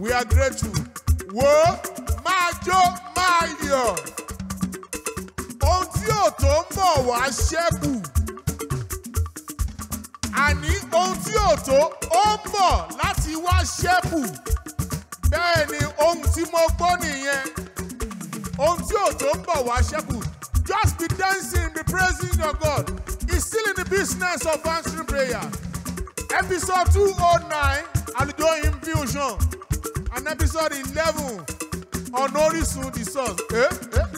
we are grateful wo máa jó máa yọ̀ ohun tí òtó ń bọ̀ wá ṣẹ́kù àní ohun tí òtó ó ń bọ̀ láti wá ṣẹ́kù bẹ́ẹ̀ ni ohun tí mo gbọ́ nìyẹn ohun tí òtó ń bọ̀ wá ṣẹ́kù just be dancing be praising your God he's still in the business of answering prayer episode two oh nine Alujoyin Fusion and episode eleven on Orisun the source. Eh? Eh?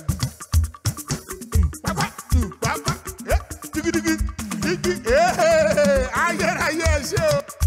Pápá pápá jigidigi yeah, ayérayé ṣe o.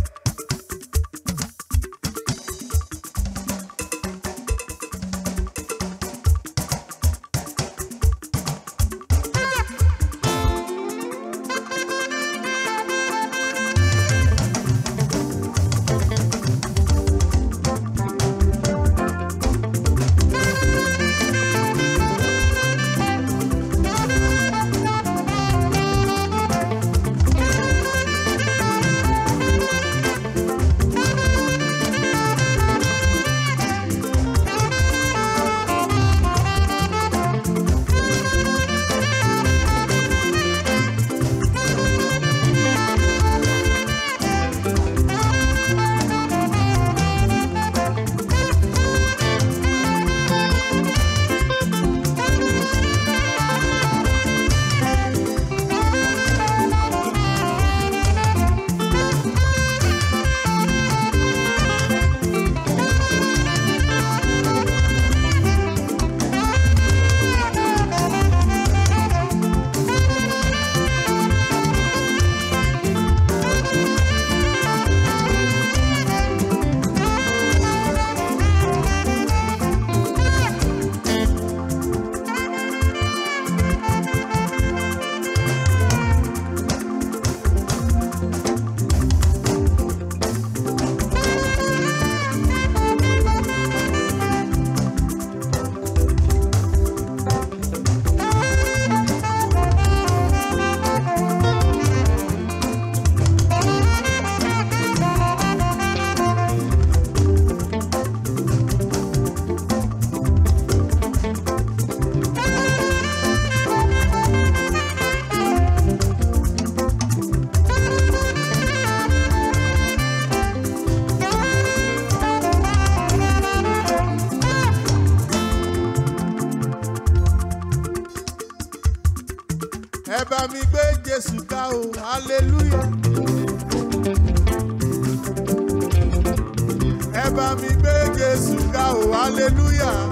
hallelujah.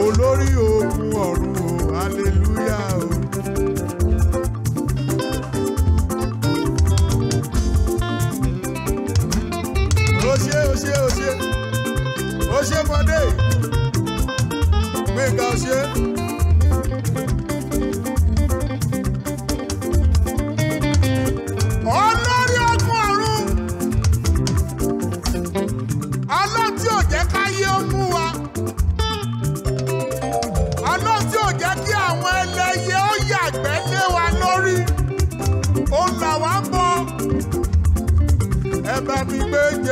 olórí ogun ọ̀run o hallelujah o. ó ṣe ó ṣe ó ṣe ó ṣe fọdé gbẹ̀ngà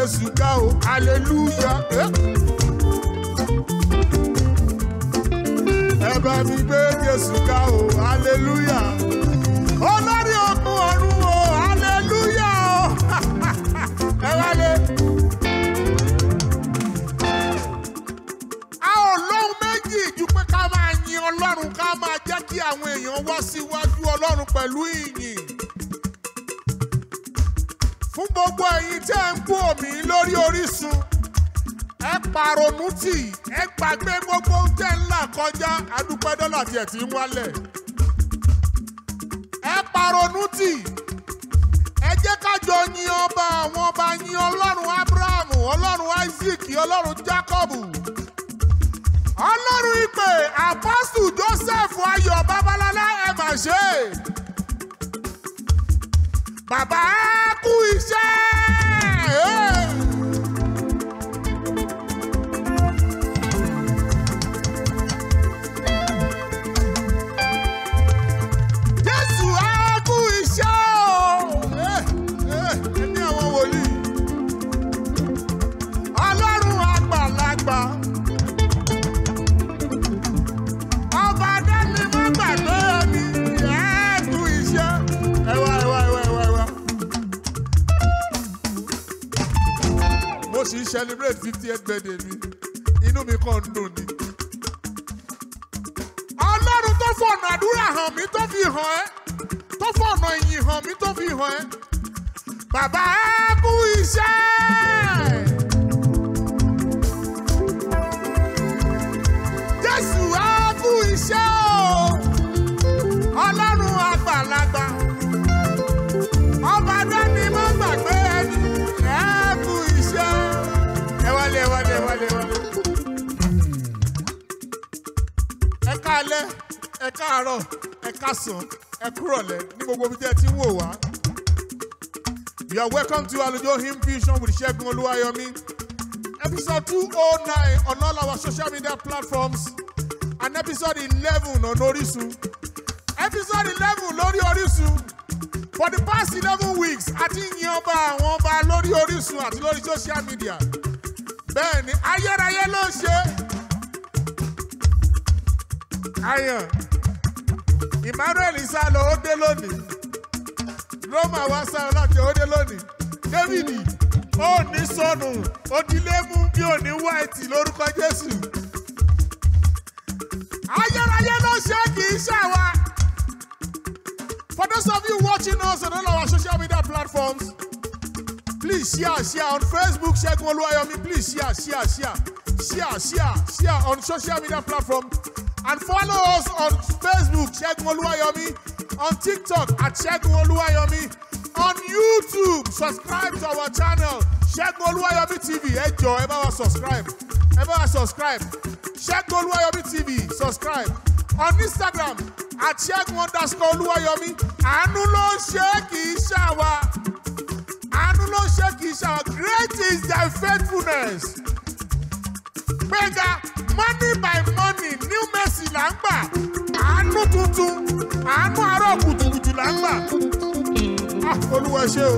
Jésù ga o hallelujah. Eh? ẹ bá mi gbé Jésù ga o hallelujah. olórí ogun ọ̀run o hallelujah o ẹ wálé. a ò lóhun méjì ju pé ká máa yin Ọlọ́run ká máa jẹ́ kí àwọn èèyàn wá síwájú Ọlọ́run pẹ̀lú ìyìn fún gbogbo ẹ̀yin tẹ́ ń kú lórí Orísun ẹ pàrònú tì ẹ gbàgbé gbogbo oúnjẹ ńlá kọjá adúpẹ́ dọ́là tiẹ̀ tí ń wálẹ̀ ẹ pàrònú tì ẹ jẹ́ ká yin ọba àwọn ọba yin ọlọ́run Ábúráhámù ọlọ́run Áísíkì ọlọ́run Jákọ́bù ọlọ́run ìpè apọ́sù Joseph Ayọ̀ Babalọ́lá ẹ̀ mà ṣe bàbá kú iṣẹ́. Hey! celebrate fifty eight birthday mi inú mi kàn ń dùn ni. ọlọ́run tó fọ̀nà àdúrà hàn mí tó fi hàn ẹ́ tó fọ̀nà ìyìn hàn mí tó fi hàn ẹ́ bàbá ẹ kú iṣẹ́. ẹ káàárọ̀ ẹ kásán ẹ kúrọ̀lẹ́ ní gbogbo ibi tí ẹ ti ń wò wá. You are welcome to AlujoHymn Vision with Ṣẹ́gun Olúwayọ̀mí. Episode two oh nine on all our social media platforms and episode eleven on Orisun. Episode eleven lórí Orisun. For the past eleven weeks, a ti ń yan ọba àwọn ọba lórí Orisun àti lórí social media. Bẹ́ẹ̀ni, ayérayé ló ṣe é ayọ̀ Emmanuel sálọ ó dé lónìí Roma wá sálọ láti ó dé lónìí David ó ní sọnù òdílé mú bí òní wáìtì lórúkọ Jésù ayérayé ló ṣe kì í ṣe wa. For those of you watching us on all our social media platforms, please share, share on Facebook, Segun Oluwayomi, please share, share, share, share, share, share on social media platform. And follow us on Facebook, Segun Oluwayomi, on TikTok at Segun Oluwayomi, on YouTube, subscribe to our channel, Segun Oluwayomi TV. Ẹ jọ̀ọ́, ẹ subscribe. Ever subscribe. Segun Oluwayomi TV, subscribe. On Instagram, at Segun underscore Oluwayomi. Àánú ló ń ṣe kì í Great is thy faithfulness gbéga money by money new mercy là ń gbà àánú tuntun àánú àárọ̀ kùtùkùtù là ń gbà. Ah, olúwa ṣé o.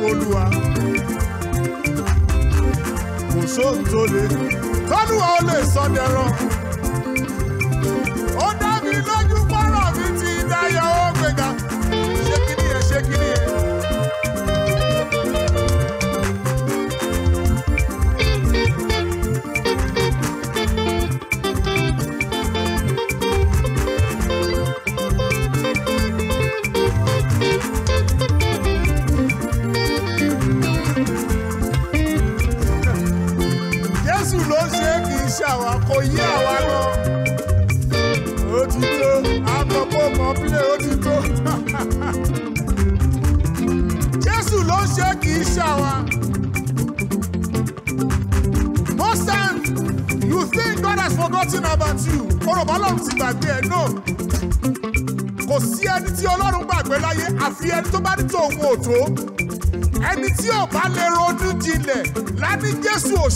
fọlùwà kò sóhun tó lè fọlùwà ó lè sọ dẹ̀rọ̀. gbàgbé ẹ̀ náà kò sí ẹni tí ọlọ́run gbàgbé láyé àfi ẹni tó bá ní tòun ò ẹni tí ò bá lè ronú jinlẹ̀ láti jésù ò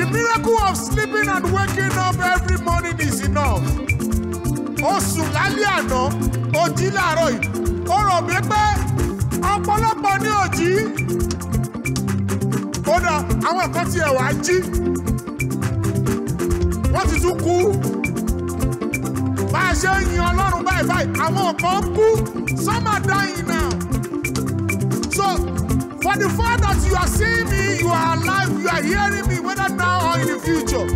The miracle of sleeping and waking up every morning is enough. Ó sùn lálẹ́ àná, ó jí láàárọ̀ yìí, ó rọ̀ mí pé ọ̀pọ̀lọpọ̀ ni ò Kódà àwọn kan tiẹ̀ wá jí wọ́n ti tún kú bá a ṣe ń yin ọlọ́run báyìí báyìí àwọn kan kú some are dying so for the fact that you are seeing me you are alive you are hearing me whether now or in the future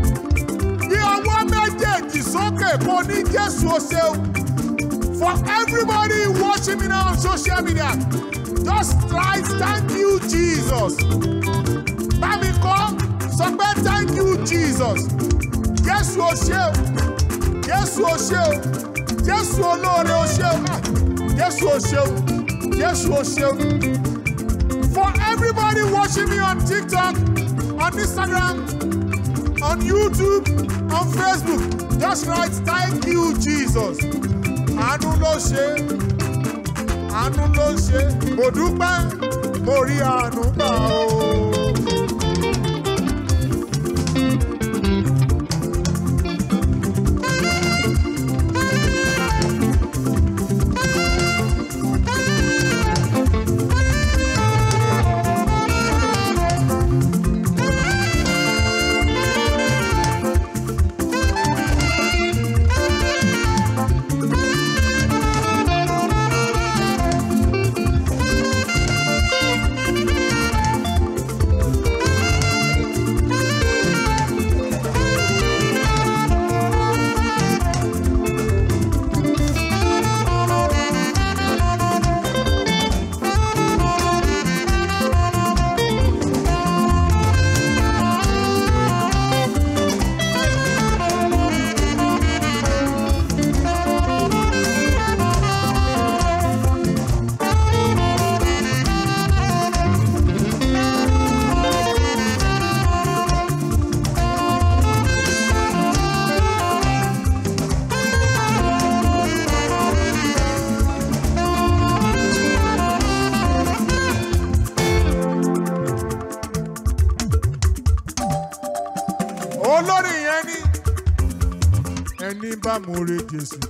ní ọwọ́ méjèèjì sókè kò ní jésù ó ṣeun for everybody watching me now on social media just try thank you jesus bá mi kọ́ sọ pé thank you jesus jésù o ṣé o jésù o ṣé o jésù olóore o ṣé o jésù o ṣé o jésù o ṣé o. for everybody watching me on tiktok on instagram on youtube on facebook just write thank you jesus àánú ló ṣe àánú ló ṣe mo dúpẹ́ mo rí àánú gbà o.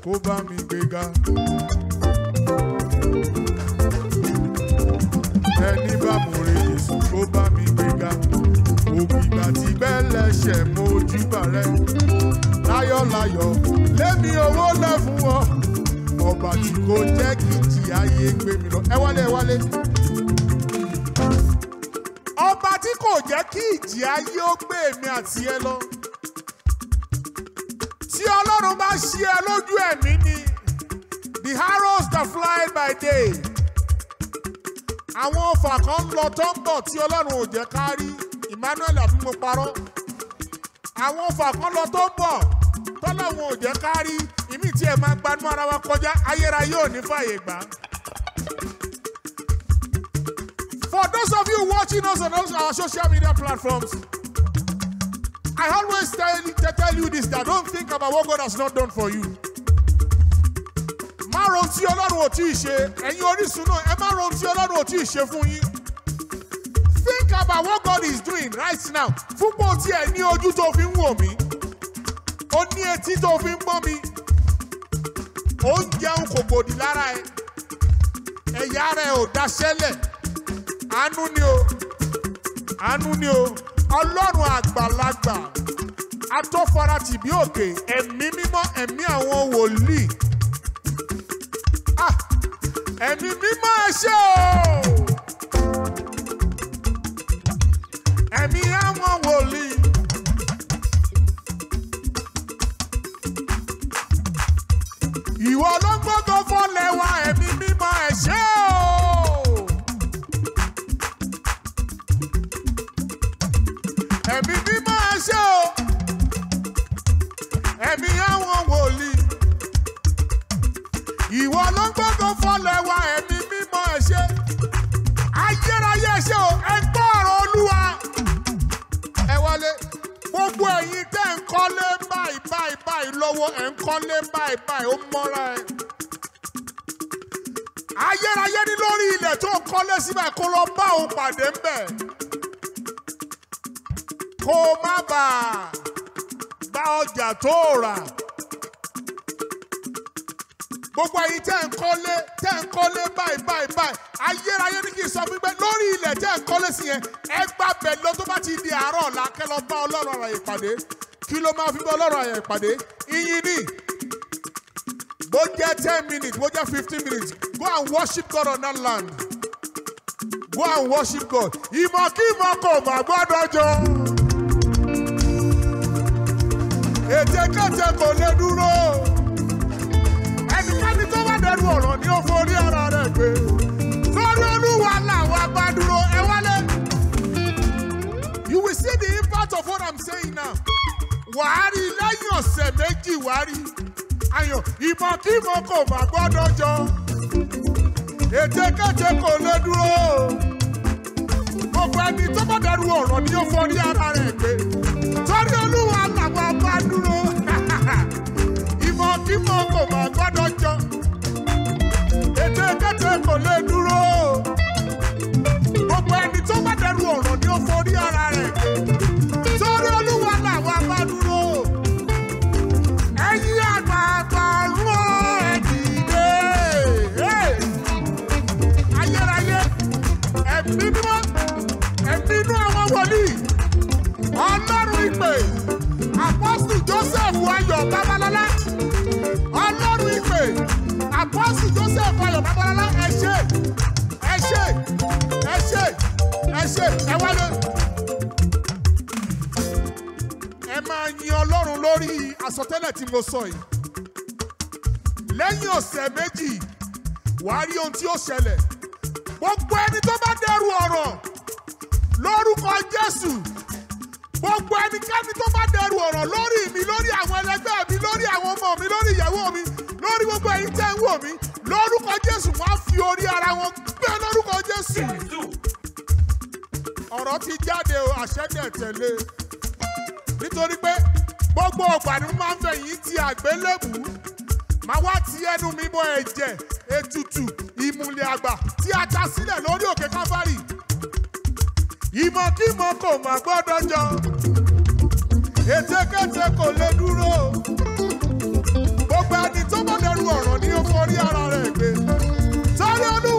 kó bá mi gbéga. ẹni bá mo re Jésù kó bá mi gbéga. ògìgbà tí bẹ́lẹ̀ ṣẹ̀ mo júbà rẹ̀. láyọ̀láyọ̀ lémi owó lẹ̀ fún ọ. ọba tí kò jẹ́ kí jìyà yé gbé mi lọ. ẹ wálé ẹ wálé ọba tí kò jẹ́ kí ìjì ayé ó gbé èmi àti ẹ lọ. tètè àwọn ọfà kan ń lọ tó ń bọ̀ tí ọlọ́run ò jẹ́ ká rí Emmanuel àbí parọ́ àwọn ọfà kan lọ tó ń bọ̀ tọ́lọ́run ò jẹ́ ká rí ìmí tí ẹ̀ máa gbanú ara wa kọjá ayérayé ò ní fàyè gbà. For those of you watching us on our social media platforms, I always tell, tell you this that don't think about what God has not done for you má ro tí ọlọ́run ò tí ì ṣe ẹ̀yin orísun náà ẹ má ro tí ọlọ́run ò tí ì ṣe fún yín think about what God is doing right now fún bó tiẹ̀ ní ojú tó fi ń wò mí ó ní etí tó fi ń gbọ́ mi ó ń jẹun kò gbòdì lára ẹ ẹ̀yà rẹ ò daṣẹ́lẹ̀ àánú ni o àánú ni o ọlọ́run àgbàlagbà atọ́fara tìbí òkè ẹ̀mí mímọ́ ẹ̀mí àwọn wòlíì. Ah, ẹ̀mí mi máa ṣe o. ẹ̀mí àwọn wòlíì. ìwọ ló gbọ́dọ̀ fọ́lẹ̀ wá ẹ̀mí. báyìí lọ́wọ́ ẹ̀ ń kọ́lé báyìí báyìí ó mọ́ra ẹ̀. ayérayé ní lórí ilẹ̀ tó kọ́lé síbẹ̀ kó lọ bá òun pàdé ń bẹ̀. kó má bàa bá ọjà tó rà gbogbo ẹ̀yin tẹ́ ń kọ́lé tẹ́ ń kọ́lé báyìí báyìí báyìí ayérayé ní kí n sọ wípé lórí ilẹ̀ tẹ́ ń kọ́lé sí yẹn ẹ bẹ̀ lọ tó bá ti di àárọ̀ ọ̀la lọ bá ọlọ́run ọ̀rọ̀ ìpàdé kí ló máa fi bọ́ ọlọ́run àyàn ìpàdé iyì ni bó jẹ́ ten minutes bó jẹ́ fifteen minutes go and worship God on that land go and worship God ìmọ̀ kí ìmọ̀ kò mà gbọ́dọ̀ jọ. ètè kẹtẹ kò lè dúró ẹnikẹ́ni tó bá dẹrù ọ̀rọ̀ ni ó forí ara rẹ̀ gbé lórí olúwa làwọn agbádúró ẹ wálé. You will see the impact of what I'm saying now. wàá rí lẹ́yìn ọ̀sẹ̀ méjì wàá ayọ̀ ìmọ̀ kí mo kò má gbọ́dọ̀ jọ ète kéte kò lè dúró gbogbo ẹni tó bá dẹrù ọ̀rọ̀ ni ó forí ara rẹ̀ pé torí olúwa làwọn bá dúró ìmọ̀ kí mo kò má gbọ́dọ̀ jọ ète kéte kò lè dúró gbogbo ẹni tó bá dẹrù ọ̀rọ̀ ni ó forí ara rẹ̀ pé. sókè ẹ wá lé. ẹ máa yin ọlọ́run lórí àsọtẹ́lẹ̀ tí mo sọ yìí. lẹ́yìn ọ̀sẹ̀ méjì wàá rí ohun tí ó ṣẹlẹ̀. gbogbo ẹni tó bá dẹrù ọ̀rọ̀ lórúkọ Jésù gbogbo ẹnikẹ́ni tó bá dẹrù ọ̀rọ̀ lórí mi lórí àwọn ẹlẹgbẹ́ mi lórí àwọn ọmọ mi lórí ìyàwó mi lórí gbogbo ẹ̀yin tẹ́ ń wò mí lórúkọ Jésù wọ́n á fi orí ara wọn gbé lórúkọ Jésù ọ̀rọ̀ ti jáde o àṣẹ́dẹ̀ tẹ̀lé nítorí pé gbogbo ọgbà ni mo máa ń fẹ̀yìn ti àgbélébù máa wá ti ẹnu mi bọ ẹ̀jẹ̀ ètùtù ìmùlẹ̀ àgbà tí a ta sílẹ̀ lórí òkè káfárì ìmọ̀kímọ̀ kò mà gbọ́dọ̀ jọ ètekéte kò lè dúró gbogbo ẹni tó bọ́ dẹrù ọ̀ràn ni ó forí ara rẹ̀ gbé sáré olú.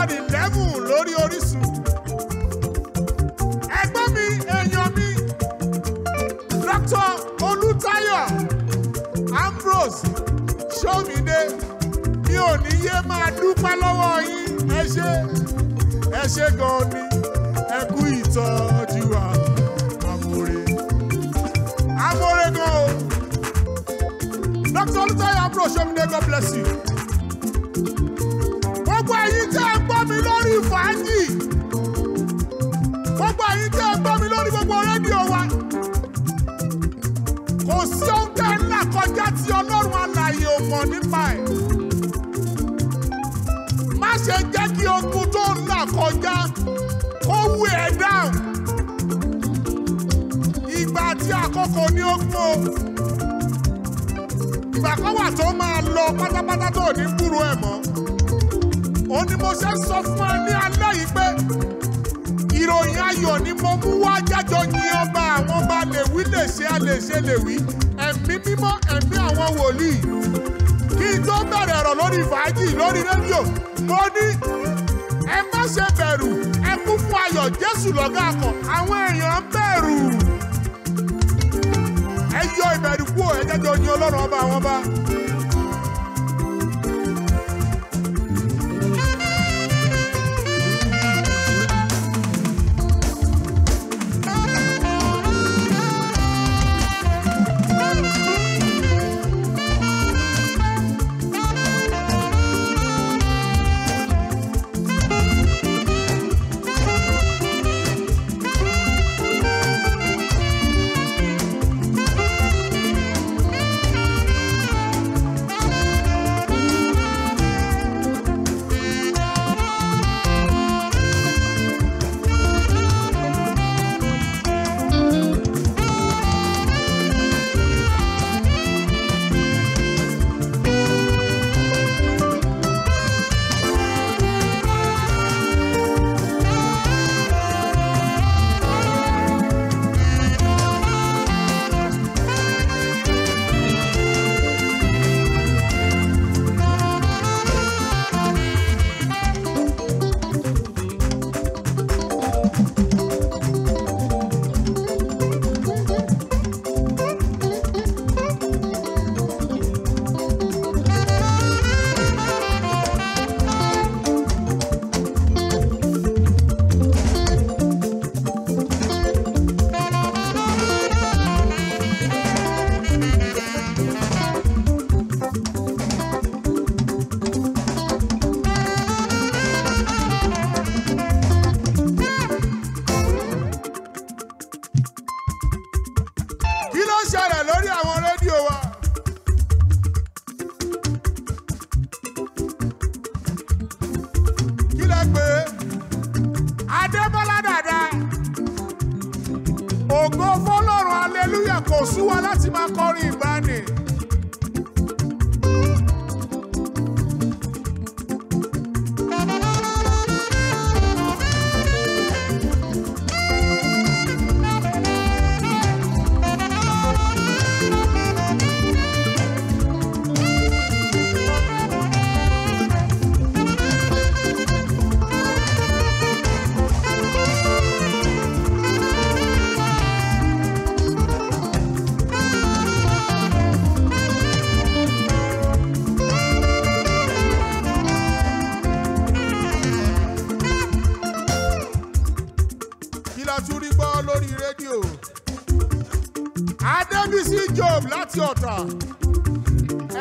nọ́mbà eleven lórí Orísun. ẹgbẹ́ mi èèyàn mi Dr. Olútáyọ̀ Ambrose Ṣómìdé mi ò ní yé máa dúpẹ́ lọ́wọ́ yín ẹ ṣé ẹ ṣé gan-an ni ẹ kú ìtọ́jú wa amore amore gan o Dr. Olútáyọ̀ Ambrose Ṣómìdé God bless you gbogbo ẹ̀yin tẹ́ fàájì gbogbo àyín tẹ́ ẹ gbọ́ mi lórí gbogbo rédíò wa kò sí ohun tẹ́ ẹ là kọjá tí ọlọ́run alààyè ò mọ̀ nípa ẹ̀ má ṣe jẹ́ kí ogun tó ń là kọjá kó wú ẹ̀ dáhùn ìgbà àti àkókò ní ogun ìgbà kan wà tó máa lọ pátápátá tó ní kúrò ẹ̀ mọ́ òun ni mo ṣe sọ fún ẹ ní alẹ́ yìí pé ìròyìn ayọ̀ ni mo mú wá jájọ yin ọba àwọn ọba lèwí lè ṣe a lè ṣe lèwí ẹ̀mí mímọ́ ẹ̀mí àwọn wòlíì kí n tó bẹ̀rẹ̀ ọ̀rọ̀ lórí fàájì lórí rédíò mo ní ẹ má ṣe bẹ̀rù ẹ kún fún ayọ̀ Jésù lọ́gá kan àwọn èèyàn ń bẹ̀rù ẹ yọ ìbẹ̀rù kúrò ẹ jájọ yin Ọlọ́run ọba àwọn ọba.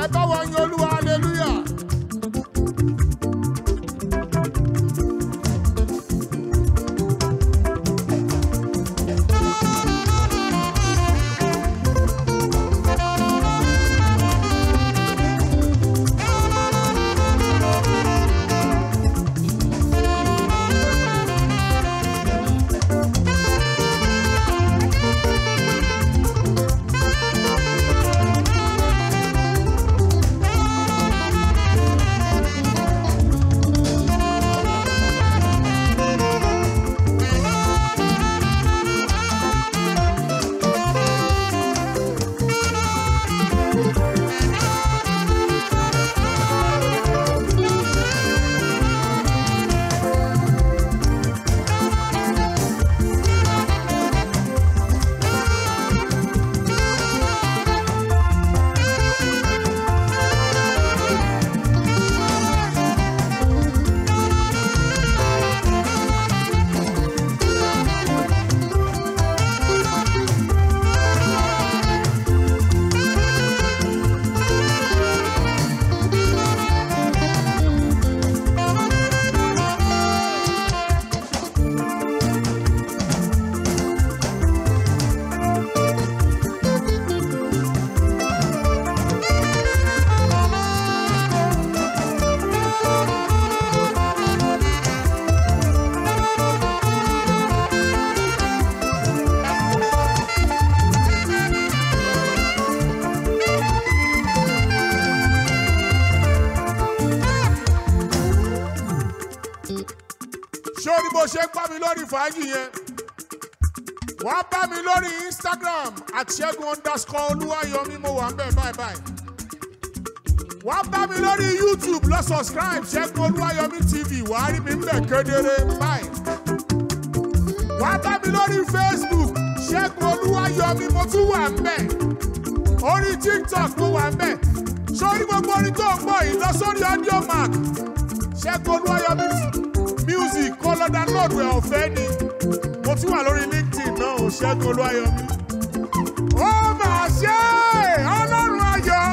ẹ bá wọn yin olúwa hallelujah. lórí fàájì yẹn wàá bá mi lórí Instagram àtṣẹ́gun underscore olúwayọ̀mí mo wà ń bẹ̀ báyìí báyìí wàá bá mi lórí YouTube lọ subscribe ṣẹ́gun olúwayọ̀mí TV wàá rí mi ń bẹ̀ kedere báyìí wàá bá mi lórí Facebook ṣẹ́gun olúwayọ̀mí mo tún wà ń bẹ̀ orí TikTok mo wà ń bẹ̀ sórí gbogbo orin tó ń pọ̀ yìí lọ sórí audio mark ṣẹ́gun olúwayọ̀mí ìkọ́ lọ́dà lọ́ọ̀dù ẹ̀ ọ̀fẹ́ ni mo tún wà lórí LinkedIn náà ò Ṣẹ́gun Olúwayọ̀mí. ó máa ṣe ọlọ́run ayọ̀.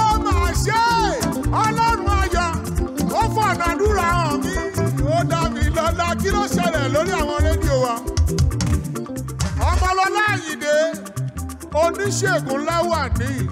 ó máa ṣe ọlọ́run ayọ̀. ó fọ̀nà àdúrà hàn mí. ó dá mi lọ́lá kí ló ṣẹlẹ̀ lórí àwọn rédíò wa. ọmọlọ́lá àyìndé oníṣègùn láwà níyì.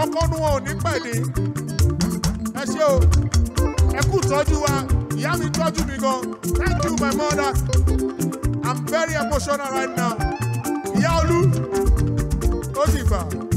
kọ́kọ́ nú wọn ò ní pẹ̀lẹ́ ẹ ṣé o ẹ kú tọ́jú wa ìyá mi tọ́jú mi gan thank you my mother i'm very emotional right now ìyá olú ó sì fà á.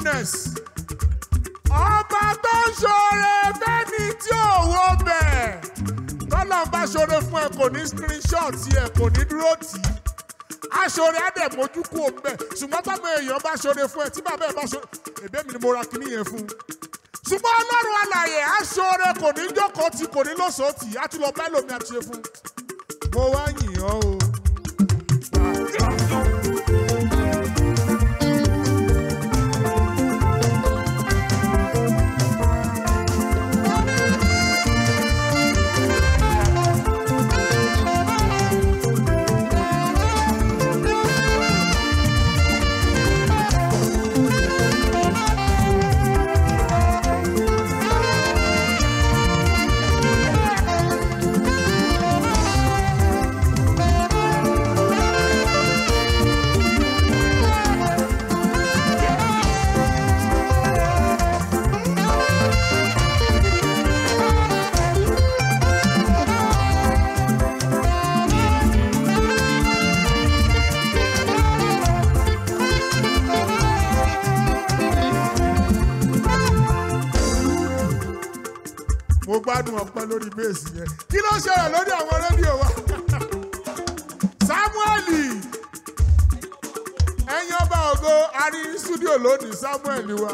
goodness ọba tó ń ṣoore fẹ́ni tí ò wo bẹ̀ tọ́lọ́n bá ṣoore fún ẹ kò ní screenshot ẹ kò ní dúró tì í aṣoore àdẹ̀mójú kò bẹ̀ ṣùgbọ́n bàbá èèyàn bá ṣoore fún ẹ tí bàbá ẹ bá ṣoore èbé mi ni mo ra kinní yẹn fún un ṣùgbọ́n ọlọ́run alàyè aṣoore kò ní jókòó tì kò ní lóṣòó tì á tún lọ bá ẹlòmíà ṣe fún mo wá yìn ọ́ o. lórí bẹ́ẹ̀sì yẹn kí ló ṣẹlẹ̀ lórí àwọn rédíò wa Samuel ẹ̀yin ọba ògo arí stúdíò lónìí Samuel wa.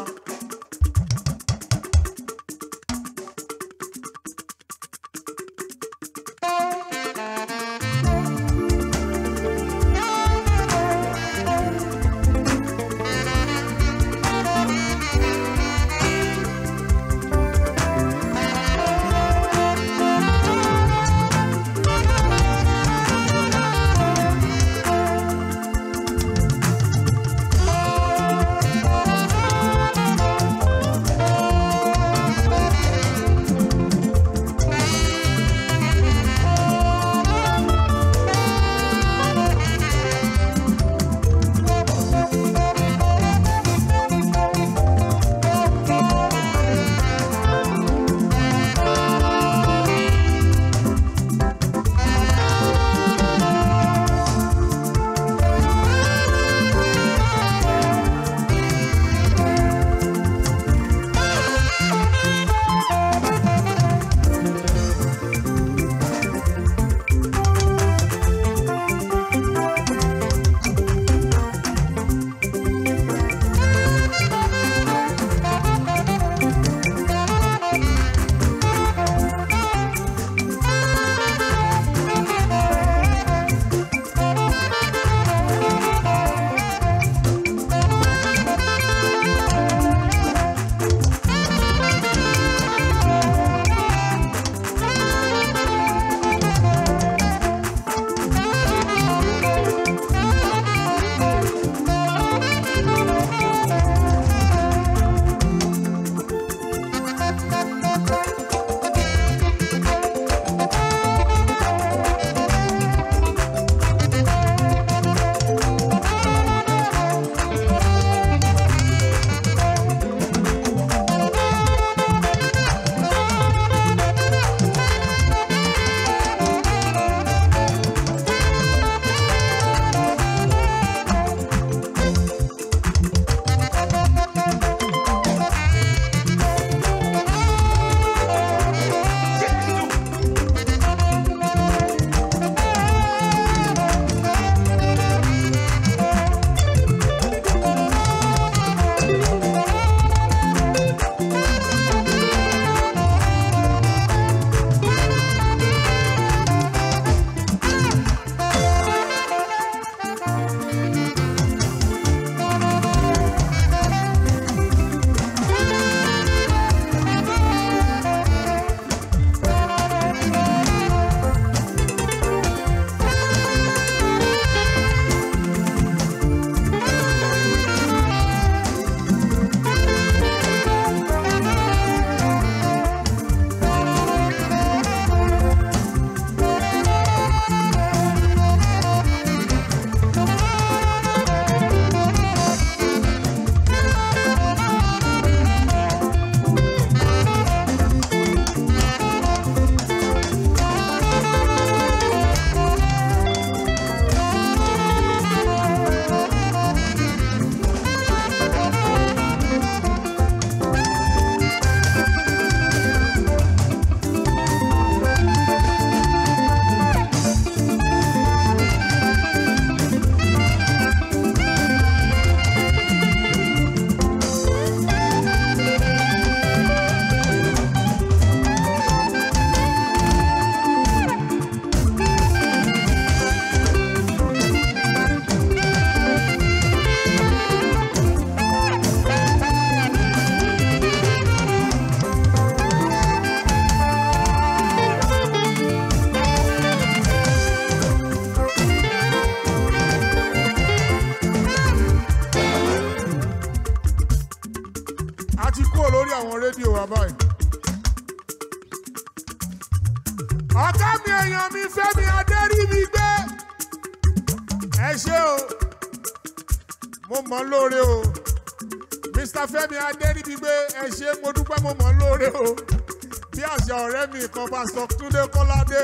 kan pásítọ̀ túndé kọ́ládé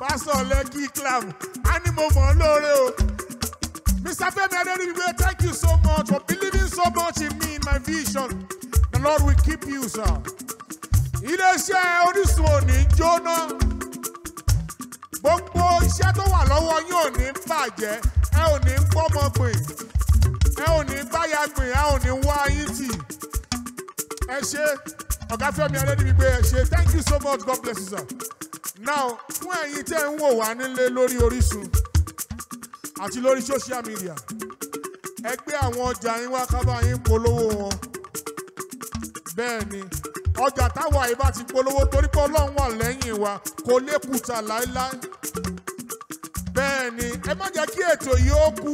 pásítọ̀ lẹ́kì clam á ní lóore o. mr femi adéríwé thank you so much for believing so much in me in my vision the lord will keep you sir. iléeṣẹ́ orísun ò ní jóná gbogbo iṣẹ́ tó wà lọ́wọ́ yín ò ní bàjẹ́ ẹ ò ní gbọ́mọ ẹ ò ní gbáyà ẹ ò ní wá yín tì ẹ ṣe ọ̀gá Fẹ́mi Adédìgbé ẹ ṣé thank you so much God bless you sir. now fún ẹ̀yin tẹ́ ń wò wá nílé lórí Orísun àti lórí social media ẹ gbé àwọn ọjà yín wá ká bá yín polówó wọn bẹ́ẹ̀ ni ọjà táwa yìí bá ti polówó torí pé Ọlọ́run wà lẹ́yìn wa kò lè kùtà láéláé bẹ́ẹ̀ ni ẹ má jẹ́ kí ètò yìí ó kú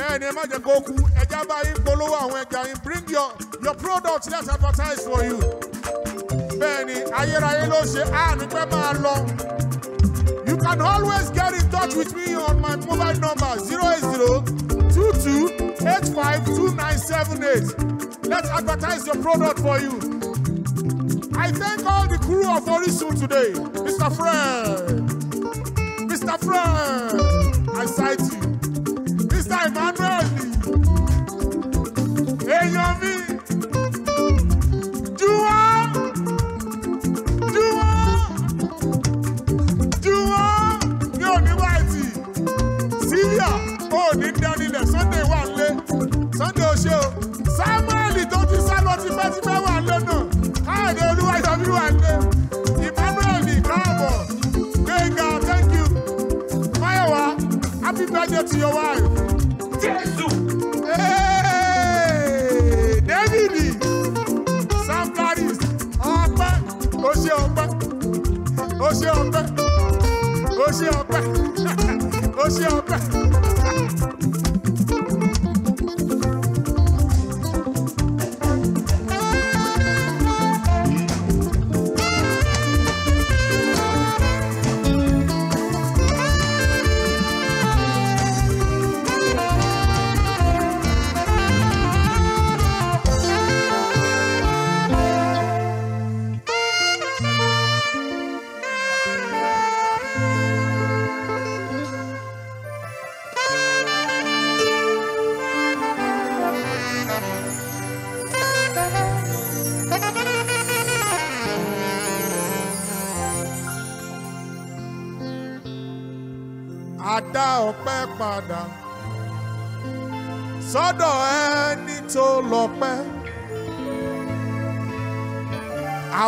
bẹ́ẹ̀ ni ẹ má jẹ́ kó kú ẹja bá yín polówó àwọn ẹja yín bring your your product let's advertise for you. bẹ́ẹ̀ ni ayérayé ló ṣe àánú pẹ́ máa lọ. you can always get in touch with me on my mobile number zero eight zero two two eight five two nine seven eight let's advertise your product for you. I thank all the crew of Orisun today, Mr. Fred. Mr. Fred, I cite you. time, ready. ọpẹ́ ó ṣe ọpẹ́.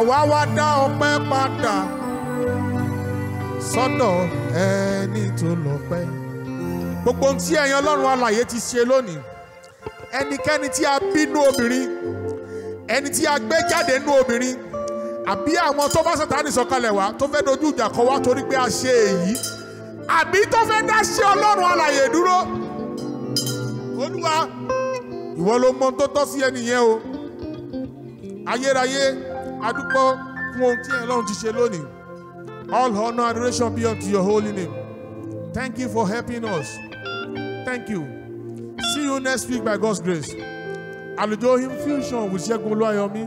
àwa wá dá ọpẹ́ padà sọ́dọ̀ ẹni tó lọ́pẹ́. gbogbo ohun tí ẹ̀yin ọlọ́run alààyè ti ṣe lónìí ẹnikẹ́ni tí a bínú obìnrin ẹni tí a gbé jáde nú obìnrin àbí àwọn tó bá Sátánì sọ̀kalẹ̀ wá tó fẹ́ dojú ìjà kọ wá torí pé a ṣe èyí àbí tó fẹ́ dá ṣe ọlọ́run alààyè dúró olúwa ìwọ ló mọ tó tọ́ sí ẹnìyẹn o ayérayé adúpọ fún ohun tí Ọlọ́run ti ṣe lónìí all honour adoration be unto your holy name thank you for helping us thank you see you next week by God's grace Alujohin Fusion with Ṣẹ́gun Olúwayọ̀mí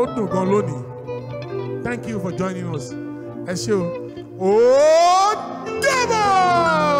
ó dùn gan lónìí thank you for joining us ẹ ṣé o ó dàbọ̀.